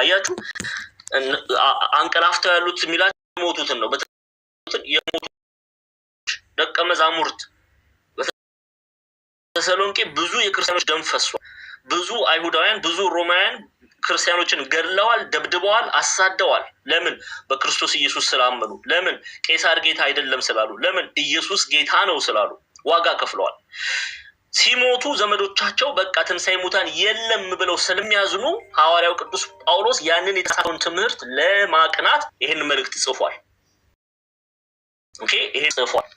አያችሁ፣ አንቀላፍተው ያሉት የሚላቸው የሞቱትን ነው። የሞቱት ደቀ መዛሙርት በተሰሎንቄ ብዙ የክርስቲያኖች ደም ፈሷል። ብዙ አይሁዳውያን፣ ብዙ ሮማውያን ክርስቲያኖችን ገድለዋል፣ ደብድበዋል፣ አሳደዋል። ለምን? በክርስቶስ ኢየሱስ ስላመኑ። ለምን? ቄሳር ጌታ አይደለም ስላሉ። ለምን? ኢየሱስ ጌታ ነው ስላሉ ዋጋ ከፍለዋል። ሲሞቱ ዘመዶቻቸው በቃ ትንሣኤ ሙታን የለም ብለው ስለሚያዝኑ ሐዋርያው ቅዱስ ጳውሎስ ያንን የተሳሳተውን ትምህርት ለማቅናት ይህን መልእክት ጽፏል። ኦኬ ይሄ ጽፏል።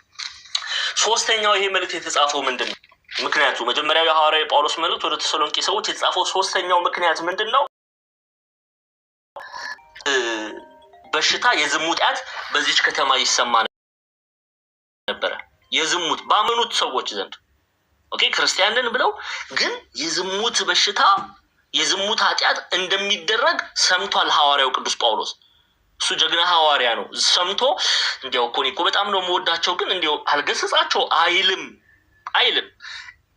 ሶስተኛው ይሄ መልእክት የተጻፈው ምንድን ነው ምክንያቱ? መጀመሪያው የሐዋርያው የጳውሎስ መልእክት ወደ ተሰሎንቄ ሰዎች የተጻፈው ሶስተኛው ምክንያት ምንድን ነው? በሽታ የዝሙት ኃጢአት በዚች ከተማ ይሰማ ነበረ። የዝሙት ባመኑት ሰዎች ዘንድ ኦኬ ክርስቲያንን ብለው ግን የዝሙት በሽታ የዝሙት ኃጢአት እንደሚደረግ ሰምቷል ሐዋርያው ቅዱስ ጳውሎስ። እሱ ጀግና ሐዋርያ ነው። ሰምቶ እንዲያው እኮ እኔ እኮ በጣም ነው የምወዳቸው ግን እንዲያው አልገሰጻቸው አይልም አይልም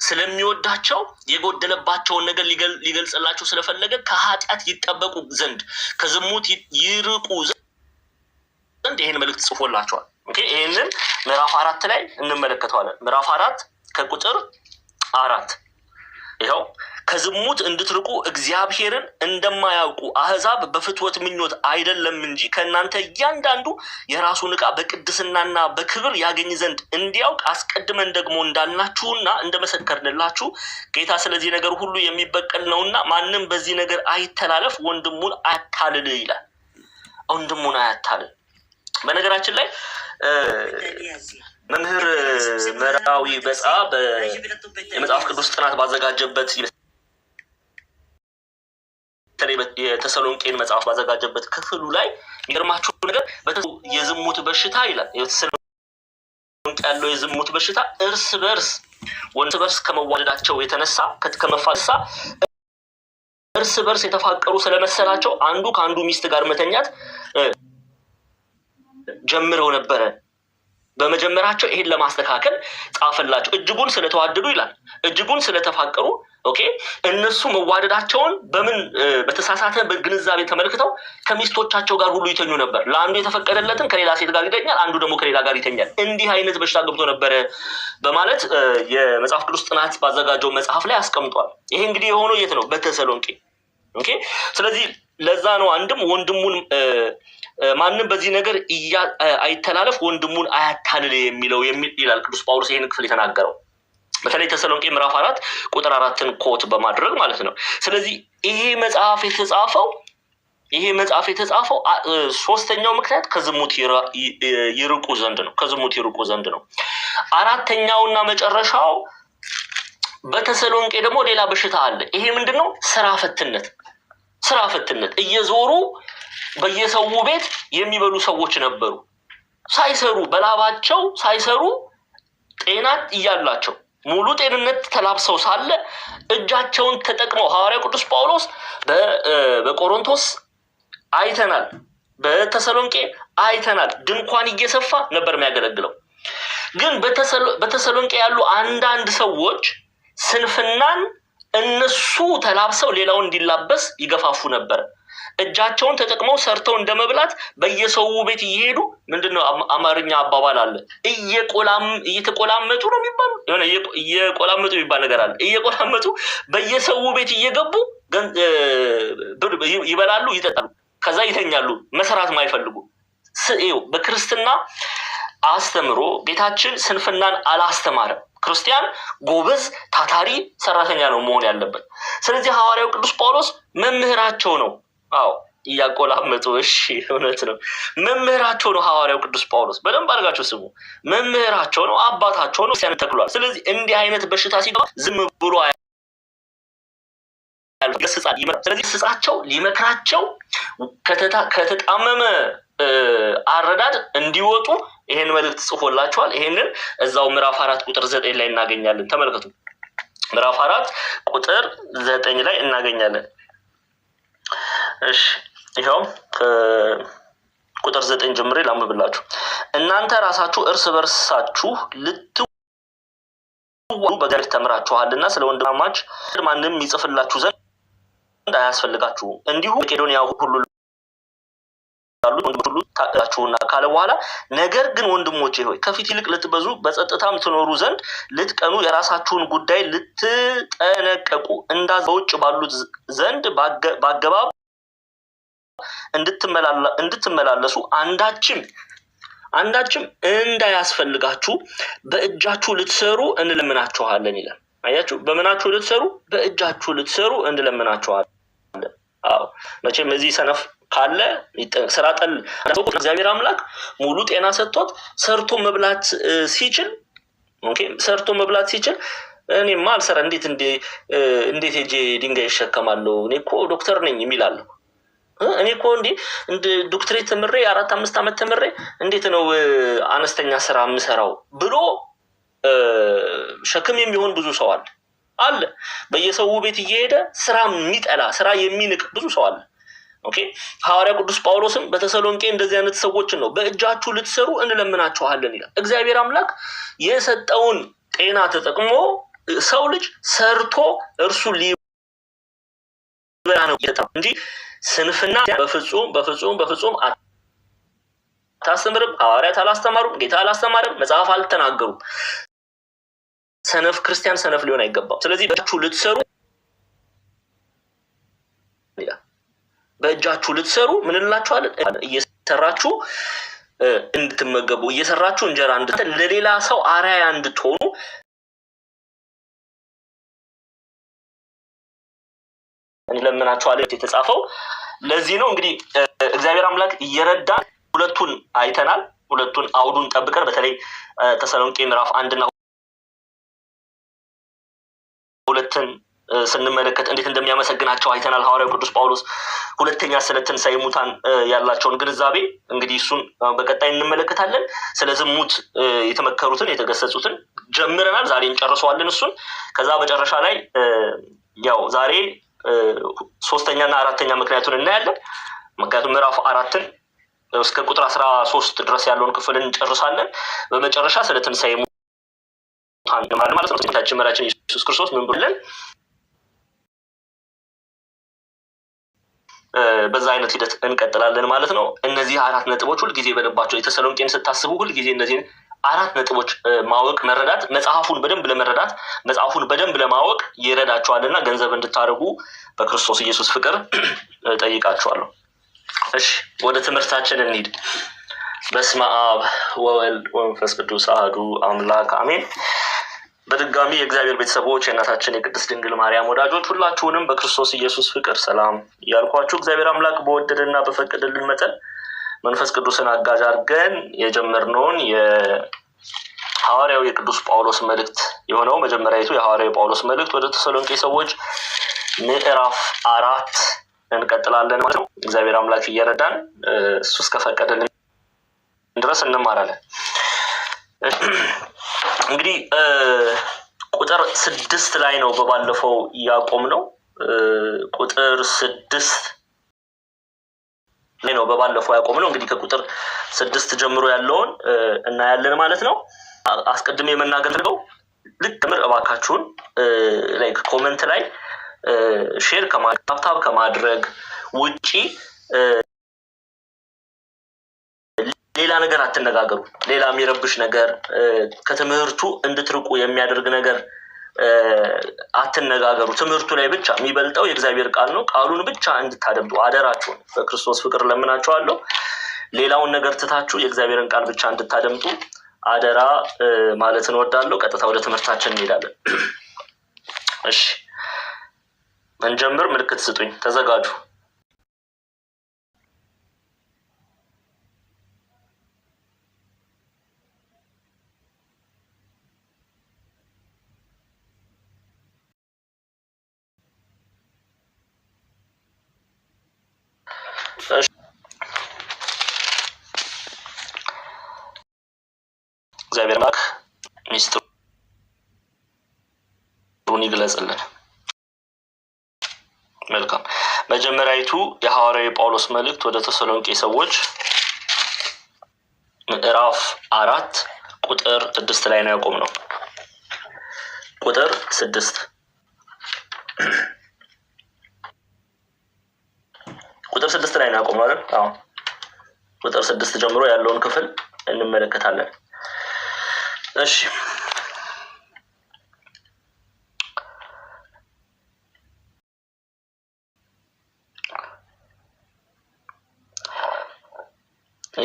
ስለሚወዳቸው የጎደለባቸውን ነገር ሊገልጽላቸው ስለፈለገ ከኃጢአት ይጠበቁ ዘንድ ከዝሙት ይርቁ ዘንድ ይሄን መልእክት ጽፎላቸዋል። ይህንን ምዕራፍ አራት ላይ እንመለከተዋለን። ምዕራፍ አራት ከቁጥር አራት ይኸው ከዝሙት እንድትርቁ እግዚአብሔርን እንደማያውቁ አህዛብ በፍትወት ምኞት አይደለም እንጂ ከእናንተ እያንዳንዱ የራሱን ዕቃ በቅድስናና በክብር ያገኝ ዘንድ እንዲያውቅ አስቀድመን ደግሞ እንዳልናችሁና እንደመሰከርንላችሁ ጌታ ስለዚህ ነገር ሁሉ የሚበቀል ነውና ማንም በዚህ ነገር አይተላለፍ፣ ወንድሙን አያታልል ይላል። ወንድሙን አያታልል በነገራችን ላይ መምህር ምዕራዊ በፃ የመጽሐፍ ቅዱስ ጥናት ባዘጋጀበት የተሰሎንቄን መጽሐፍ ባዘጋጀበት ክፍሉ ላይ የሚገርማችሁ ነገር የዝሙት በሽታ ይላል። የተሰሎንቄ ያለው የዝሙት በሽታ እርስ በርስ ወንድ በርስ ከመዋደዳቸው የተነሳ ከመፋሳ እርስ በርስ የተፋቀሩ ስለመሰላቸው አንዱ ከአንዱ ሚስት ጋር መተኛት ጀምረው ነበረ። በመጀመራቸው ይሄን ለማስተካከል ጻፈላቸው። እጅጉን ስለተዋደዱ ይላል፣ እጅጉን ስለተፋቀሩ። ኦኬ እነሱ መዋደዳቸውን በምን በተሳሳተ ግንዛቤ ተመልክተው ከሚስቶቻቸው ጋር ሁሉ ይተኙ ነበር። ለአንዱ የተፈቀደለትን ከሌላ ሴት ጋር ይተኛል፣ አንዱ ደግሞ ከሌላ ጋር ይተኛል። እንዲህ አይነት በሽታ ገብቶ ነበረ በማለት የመጽሐፍ ቅዱስ ጥናት ባዘጋጀው መጽሐፍ ላይ አስቀምጧል። ይሄ እንግዲህ የሆነው የት ነው? በተሰሎንቄ። ኦኬ ስለዚህ ለዛ ነው አንድም ወንድሙን ማንም በዚህ ነገር አይተላለፍ፣ ወንድሙን አያታልል የሚለው ይላል ቅዱስ ጳውሎስ ይህን ክፍል የተናገረው በተለይ ተሰሎንቄ ምዕራፍ አራት ቁጥር አራትን ኮት በማድረግ ማለት ነው። ስለዚህ ይሄ መጽሐፍ የተጻፈው ይሄ መጽሐፍ የተጻፈው ሶስተኛው ምክንያት ከዝሙት ይርቁ ዘንድ ነው። ከዝሙት ይርቁ ዘንድ ነው። አራተኛውና መጨረሻው በተሰሎንቄ ደግሞ ሌላ በሽታ አለ። ይሄ ምንድን ነው? ስራ ፈትነት፣ ስራ ፈትነት እየዞሩ በየሰው ቤት የሚበሉ ሰዎች ነበሩ። ሳይሰሩ በላባቸው ሳይሰሩ ጤና እያላቸው ሙሉ ጤንነት ተላብሰው ሳለ እጃቸውን ተጠቅመው ሐዋርያ ቅዱስ ጳውሎስ በቆሮንቶስ አይተናል፣ በተሰሎንቄ አይተናል። ድንኳን እየሰፋ ነበር የሚያገለግለው። ግን በተሰሎንቄ ያሉ አንዳንድ ሰዎች ስንፍናን እነሱ ተላብሰው ሌላውን እንዲላበስ ይገፋፉ ነበር። እጃቸውን ተጠቅመው ሰርተው እንደ መብላት በየሰው ቤት እየሄዱ ምንድነው አማርኛ አባባል አለ፣ እየተቆላመጡ ነው የሚባሉ የሆነ እየቆላመጡ የሚባል ነገር አለ። እየቆላመጡ በየሰው ቤት እየገቡ ይበላሉ፣ ይጠጣሉ፣ ከዛ ይተኛሉ። መስራት ማይፈልጉ ስው በክርስትና አስተምሮ ጌታችን ስንፍናን አላስተማርም። ክርስቲያን ጎበዝ ታታሪ ሰራተኛ ነው መሆን ያለበት። ስለዚህ ሐዋርያው ቅዱስ ጳውሎስ መምህራቸው ነው። አዎ እያቆላመጡ እሺ፣ እውነት ነው። መምህራቸው ነው ሐዋርያው ቅዱስ ጳውሎስ። በደንብ አድርጋቸው ስሙ። መምህራቸው ነው፣ አባታቸው ነው፣ ሲያን ተክሏል። ስለዚህ እንዲህ አይነት በሽታ ሲገባ ዝም ብሎ ስለዚህ ስጻቸው ሊመክራቸው ከተጣመመ አረዳድ እንዲወጡ ይሄን መልእክት ጽፎላቸዋል። ይሄንን እዛው ምዕራፍ አራት ቁጥር ዘጠኝ ላይ እናገኛለን። ተመልከቱ፣ ምዕራፍ አራት ቁጥር ዘጠኝ ላይ እናገኛለን። እሺ ይኸው ቁጥር ዘጠኝ ጀምሬ ላምብላችሁ። እናንተ ራሳችሁ እርስ በርሳችሁ ልትዋሉ በእግዚአብሔር ተምራችኋልና ስለ ወንድማማች ማንም ይጽፍላችሁ ዘንድ አያስፈልጋችሁም። እንዲሁም መቄዶንያ ሁሉ ያሉት ወንድሞች ሁሉ ታቅዳችሁና ካለ በኋላ ነገር ግን ወንድሞቼ ሆይ ከፊት ይልቅ ልትበዙ በጸጥታም ትኖሩ ዘንድ ልትቀኑ የራሳችሁን ጉዳይ ልትጠነቀቁ እንዳ በውጭ ባሉት ዘንድ በአገባብ እንድትመላለሱ አንዳችም አንዳችም እንዳያስፈልጋችሁ በእጃችሁ ልትሰሩ እንለምናችኋለን ይላል። አያችሁ፣ በምናችሁ ልትሰሩ በእጃችሁ ልትሰሩ እንለምናችኋለን። አዎ መቼም እዚህ ሰነፍ ካለ ስራ ጠል እግዚአብሔር አምላክ ሙሉ ጤና ሰጥቶት ሰርቶ መብላት ሲችል ሰርቶ መብላት ሲችል እኔማ አልሰራ እንዴት እንዴት ሄጄ ድንጋይ ይሸከማለሁ እኔ እኮ ዶክተር ነኝ የሚላለሁ እኔ እኮ እንዲ እንደ ዶክትሬት ተምሬ አራት አምስት ዓመት ተምሬ እንዴት ነው አነስተኛ ስራ የምሰራው ብሎ ሸክም የሚሆን ብዙ ሰው አለ አለ በየሰው ቤት እየሄደ ስራ የሚጠላ ስራ የሚንቅ ብዙ ሰው አለ ኦኬ ሐዋርያ ቅዱስ ጳውሎስም በተሰሎንቄ እንደዚህ አይነት ሰዎችን ነው በእጃችሁ ልትሰሩ እንለምናችኋለን ይላል። እግዚአብሔር አምላክ የሰጠውን ጤና ተጠቅሞ ሰው ልጅ ሰርቶ እርሱ ሊበላ ነው እንጂ ስንፍና በፍጹም በፍጹም በፍጹም አታስተምርም። ሐዋርያት አላስተማሩም። ጌታ አላስተማርም። መጽሐፍ አልተናገሩም። ሰነፍ ክርስቲያን ሰነፍ ሊሆን አይገባም። ስለዚህ በእጃችሁ ልትሰሩ በእጃችሁ ልትሰሩ ምን እንላችኋለን? እየሰራችሁ እንድትመገቡ እየሰራችሁ እንጀራ እንድ ለሌላ ሰው አርአያ እንድትሆኑ እንለምናችኋለን የተጻፈው ለዚህ ነው። እንግዲህ እግዚአብሔር አምላክ እየረዳ ሁለቱን አይተናል። ሁለቱን አውዱን ጠብቀን በተለይ ተሰሎንቄ ምዕራፍ አንድና ሁለትን ስንመለከት እንዴት እንደሚያመሰግናቸው አይተናል። ሐዋርያው ቅዱስ ጳውሎስ ሁለተኛ ስለ ትንሣኤ ሙታን ያላቸውን ግንዛቤ እንግዲህ እሱን በቀጣይ እንመለከታለን። ስለ ዝሙት የተመከሩትን የተገሰጹትን ጀምረናል። ዛሬ እንጨርሰዋለን እሱን። ከዛ መጨረሻ ላይ ያው ዛሬ ሶስተኛና አራተኛ ምክንያቱን እናያለን። ምክንያቱም ምዕራፍ አራትን እስከ ቁጥር አስራ ሶስት ድረስ ያለውን ክፍል እንጨርሳለን። በመጨረሻ ስለ ትንሣኤ ሙታን ማለት ነው። መራችን ኢየሱስ ክርስቶስ ምን በዛ አይነት ሂደት እንቀጥላለን ማለት ነው። እነዚህ አራት ነጥቦች ሁልጊዜ በልባቸው የተሰሎንቄን ስታስቡ ሁልጊዜ እነዚህን አራት ነጥቦች ማወቅ መረዳት መጽሐፉን በደንብ ለመረዳት መጽሐፉን በደንብ ለማወቅ ይረዳቸዋልና ገንዘብ እንድታደርጉ በክርስቶስ ኢየሱስ ፍቅር ጠይቃቸዋለሁ። እሺ ወደ ትምህርታችን እንሂድ። በስመ አብ ወወልድ ወመንፈስ ቅዱስ አህዱ አምላክ አሜን። በድጋሚ የእግዚአብሔር ቤተሰቦች የእናታችን የቅድስት ድንግል ማርያም ወዳጆች ሁላችሁንም በክርስቶስ ኢየሱስ ፍቅር ሰላም እያልኳችሁ እግዚአብሔር አምላክ በወደደና በፈቀደልን መጠን መንፈስ ቅዱስን አጋዥ አድርገን የጀመርነውን የሐዋርያው የቅዱስ ጳውሎስ መልእክት የሆነው መጀመሪያዊቱ የሐዋርያው የጳውሎስ መልእክት ወደ ተሰሎንቄ ሰዎች ምዕራፍ አራት እንቀጥላለን ማለት ነው። እግዚአብሔር አምላክ እየረዳን እሱ እስከፈቀደልን ድረስ እንማራለን። እንግዲህ ቁጥር ስድስት ላይ ነው በባለፈው ያቆም ነው። ቁጥር ስድስት ላይ ነው በባለፈው ያቆም ነው። እንግዲህ ከቁጥር ስድስት ጀምሮ ያለውን እናያለን ማለት ነው። አስቀድሜ የምናገርገው ልክ ምር እባካችሁን ላይክ ኮመንት ላይ ሼር ከማድረግ ታብታብ ከማድረግ ውጪ ሌላ ነገር አትነጋገሩ። ሌላ የሚረብሽ ነገር ከትምህርቱ እንድትርቁ የሚያደርግ ነገር አትነጋገሩ። ትምህርቱ ላይ ብቻ የሚበልጠው የእግዚአብሔር ቃል ነው። ቃሉን ብቻ እንድታደምጡ አደራችሁን በክርስቶስ ፍቅር ለምናችኋለሁ። ሌላውን ነገር ትታችሁ የእግዚአብሔርን ቃል ብቻ እንድታደምጡ አደራ ማለት እንወዳለሁ። ቀጥታ ወደ ትምህርታችን እንሄዳለን። እሺ እንጀምር። ምልክት ስጡኝ። ተዘጋጁ። ግለጽልን። መልካም መጀመሪያዊቱ የሐዋርያዊ ጳውሎስ መልእክት ወደ ተሰሎንቄ ሰዎች ምዕራፍ አራት ቁጥር ስድስት ላይ ነው ያቆም ነው። ቁጥር ስድስት ቁጥር ስድስት ላይ ነው ያቆም ነው አይደል? አዎ ቁጥር ስድስት ጀምሮ ያለውን ክፍል እንመለከታለን። እሺ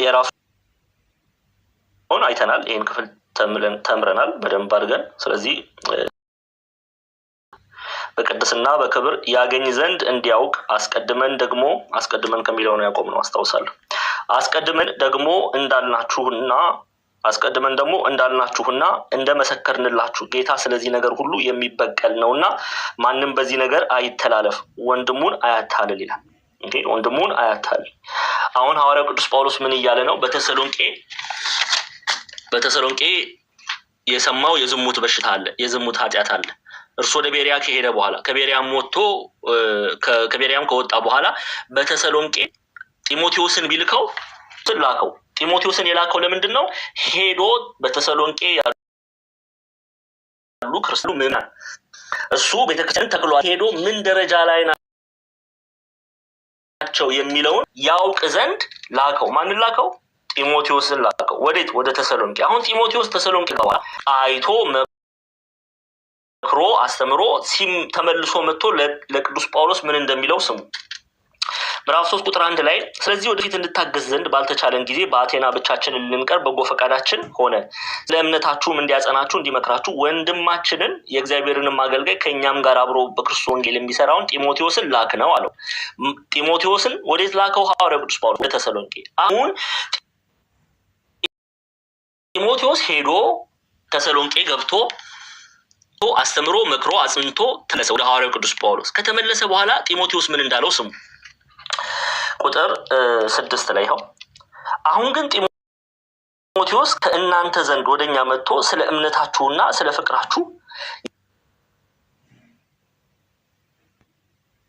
የራሱን አይተናል። ይህን ክፍል ተምረናል በደንብ አድርገን። ስለዚህ በቅድስና በክብር ያገኝ ዘንድ እንዲያውቅ አስቀድመን ደግሞ አስቀድመን ከሚለው ነው ያቆም ነው አስታውሳለሁ። አስቀድመን ደግሞ እንዳልናችሁና አስቀድመን ደግሞ እንዳልናችሁና እንደመሰከርንላችሁ ጌታ ስለዚህ ነገር ሁሉ የሚበቀል ነውና ማንም በዚህ ነገር አይተላለፍ፣ ወንድሙን አያታልል ይላል። እንግዲህ ወንድሙን አያታል። አሁን ሐዋርያ ቅዱስ ጳውሎስ ምን እያለ ነው? በተሰሎንቄ በተሰሎንቄ የሰማው የዝሙት በሽታ አለ፣ የዝሙት ኃጢአት አለ። እርሱ ወደ ቤሪያ ከሄደ በኋላ ከቤሪያም ወጥቶ ከቤሪያም ከወጣ በኋላ በተሰሎንቄ ጢሞቴዎስን ቢልከው ትላከው ጢሞቴዎስን የላከው ለምንድን ነው? ሄዶ በተሰሎንቄ ያሉ ክርስቲያኑ ምን እሱ ቤተክርስቲያን ተክሏል ሄዶ ምን ደረጃ ላይ ና ናቸው የሚለውን ያውቅ ዘንድ ላከው። ማንን ላከው? ጢሞቴዎስን ላከው። ወዴት? ወደ ተሰሎንቄ። አሁን ጢሞቴዎስ ተሰሎንቄ ገባል። አይቶ መክሮ አስተምሮ ሲም ተመልሶ መጥቶ ለቅዱስ ጳውሎስ ምን እንደሚለው ስሙ። ምዕራፍ ሶስት ቁጥር አንድ ላይ ስለዚህ ወደፊት እንታገዝ ዘንድ ባልተቻለን ጊዜ በአቴና ብቻችን ልንቀር በጎ ፈቃዳችን ሆነ። ስለ እምነታችሁም እንዲያጸናችሁ እንዲመክራችሁ ወንድማችንን የእግዚአብሔርንም አገልጋይ ከእኛም ጋር አብሮ በክርስቶስ ወንጌል የሚሰራውን ጢሞቴዎስን ላክ ነው አለው። ጢሞቴዎስን ወዴት ላከው? ሐዋርያው ቅዱስ ጳውሎስ ወደ ተሰሎንቄ። አሁን ጢሞቴዎስ ሄዶ ተሰሎንቄ ገብቶ አስተምሮ መክሮ አጽንቶ ተመለሰ ወደ ሐዋርያው ቅዱስ ጳውሎስ። ከተመለሰ በኋላ ጢሞቴዎስ ምን እንዳለው ስሙ። ቁጥር ስድስት ላይ ይኸው አሁን ግን ጢሞቴዎስ ከእናንተ ዘንድ ወደ እኛ መጥቶ ስለ እምነታችሁና ስለ ፍቅራችሁ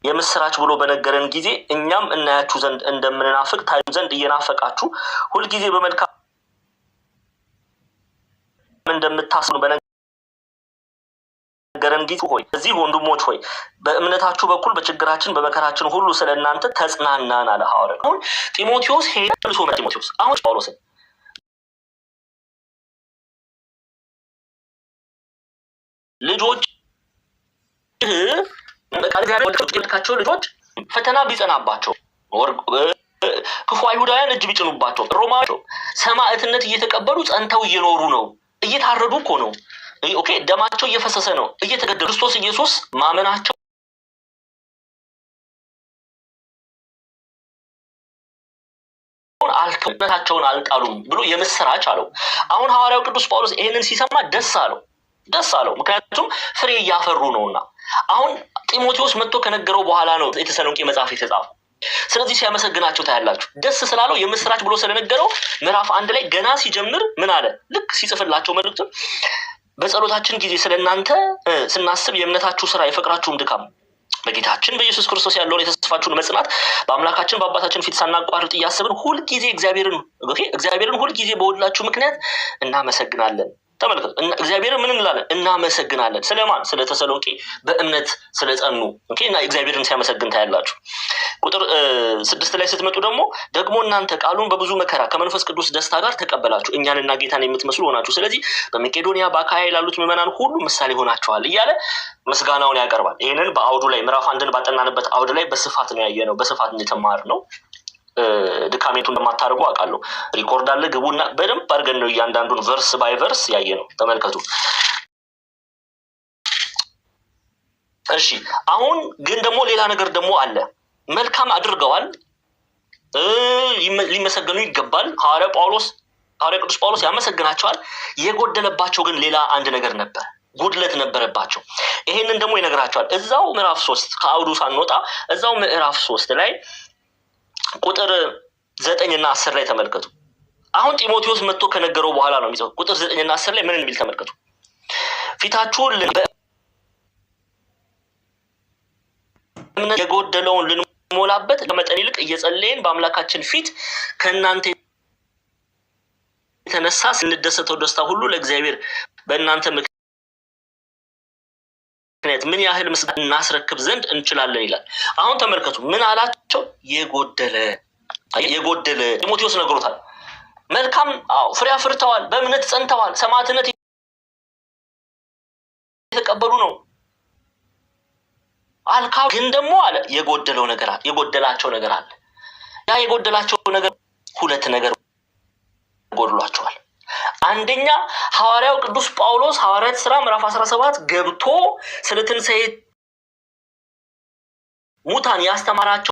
የምስራች ብሎ በነገረን ጊዜ እኛም እናያችሁ ዘንድ እንደምንናፍቅ ታዩን ዘንድ እየናፈቃችሁ ሁልጊዜ በመልካም እንደምታስኑ ገረንጊት ሆይ እዚህ ወንድሞች ሆይ በእምነታችሁ በኩል በችግራችን በመከራችን ሁሉ ስለ እናንተ ተጽናናን አለ ሐዋርያ። አሁን ጢሞቴዎስ ሄደ ልሶ ጢሞቴዎስ አሁን ጳውሎስን ልጆች ልጆች ፈተና ቢጸናባቸው ክፉ አይሁዳውያን እጅ ቢጭኑባቸው ሮማቸው ሰማዕትነት እየተቀበሉ ጸንተው እየኖሩ ነው። እየታረዱ እኮ ነው። ኦኬ ደማቸው እየፈሰሰ ነው እየተገደሉ ክርስቶስ ኢየሱስ ማመናቸው አልከውነታቸውን አልጣሉም ብሎ የምስራች አለው። አሁን ሐዋርያው ቅዱስ ጳውሎስ ይህንን ሲሰማ ደስ አለው ደስ አለው። ምክንያቱም ፍሬ እያፈሩ ነውና። አሁን ጢሞቴዎስ መጥቶ ከነገረው በኋላ ነው የተሰሎንቄ መጽሐፍ የተጻፉ ስለዚህ ሲያመሰግናቸው ታያላችሁ። ደስ ስላለው የምስራች ብሎ ስለነገረው ምዕራፍ አንድ ላይ ገና ሲጀምር ምን አለ? ልክ ሲጽፍላቸው መልእክቱን በጸሎታችን ጊዜ ስለ እናንተ ስናስብ የእምነታችሁ ስራ የፍቅራችሁም ድካም በጌታችን በኢየሱስ ክርስቶስ ያለውን የተስፋችሁን መጽናት በአምላካችን በአባታችን ፊት ሳናቋርጥ እያስብን ሁልጊዜ እግዚአብሔርን እግዚአብሔርን ሁልጊዜ በወድላችሁ ምክንያት እናመሰግናለን። ተመልከቱ። እግዚአብሔር ምን እንላለን? እናመሰግናለን። ስለማን? ስለ ተሰሎንቄ በእምነት ጸኑ እና እግዚአብሔርን ሲያመሰግን ታያላችሁ። ቁጥር ስድስት ላይ ስትመጡ ደግሞ ደግሞ እናንተ ቃሉን በብዙ መከራ ከመንፈስ ቅዱስ ደስታ ጋር ተቀበላችሁ እኛንና ጌታን የምትመስሉ ሆናችሁ፣ ስለዚህ በመቄዶንያ በአካያ ላሉት ምመናን ሁሉ ምሳሌ ሆናችኋል እያለ ምስጋናውን ያቀርባል። ይህንን በአውዱ ላይ ምዕራፍ አንድን ባጠናንበት አውድ ላይ በስፋት ነው ነው በስፋት ነው ድካሜቱን እንደማታደርጉ አውቃለሁ። ሪኮርድ አለ ግቡና በደንብ አድርገን ነው እያንዳንዱን ቨርስ ባይ ቨርስ ያየ ነው። ተመልከቱ። እሺ አሁን ግን ደግሞ ሌላ ነገር ደግሞ አለ። መልካም አድርገዋል፣ ሊመሰገኑ ይገባል። ሐዋርያ ጳውሎስ ሐዋርያ ቅዱስ ጳውሎስ ያመሰግናቸዋል። የጎደለባቸው ግን ሌላ አንድ ነገር ነበር፣ ጉድለት ነበረባቸው። ይሄንን ደግሞ ይነግራቸዋል። እዛው ምዕራፍ ሶስት ከአውዱ ሳንወጣ እዛው ምዕራፍ ሶስት ላይ ቁጥር ዘጠኝ እና አስር ላይ ተመልከቱ። አሁን ጢሞቴዎስ መጥቶ ከነገረው በኋላ ነው የሚጽፈው። ቁጥር ዘጠኝ እና አስር ላይ ምን የሚል ተመልከቱ። ፊታችሁን እምነት የጎደለውን ልንሞላበት ከመጠን ይልቅ እየጸለይን በአምላካችን ፊት ከእናንተ የተነሳ ስንደሰተው ደስታ ሁሉ ለእግዚአብሔር በእናንተ ምክንያት ምን ያህል ምስጋ እናስረክብ ዘንድ እንችላለን ይላል። አሁን ተመልከቱ ምን አላቸው? የጎደለ የጎደለ ጢሞቴዎስ ነግሮታል። መልካም ፍሬ አፍርተዋል፣ በእምነት ጸንተዋል፣ ሰማዕትነት የተቀበሉ ነው አልካ። ግን ደግሞ አለ የጎደለው ነገር አለ፣ የጎደላቸው ነገር አለ። ያ የጎደላቸው ነገር ሁለት ነገር ጎድሏቸዋል። አንደኛ ሐዋርያው ቅዱስ ጳውሎስ ሐዋርያት ስራ ምዕራፍ 17 ገብቶ ስለ ትንሣኤ ሙታን ያስተማራቸው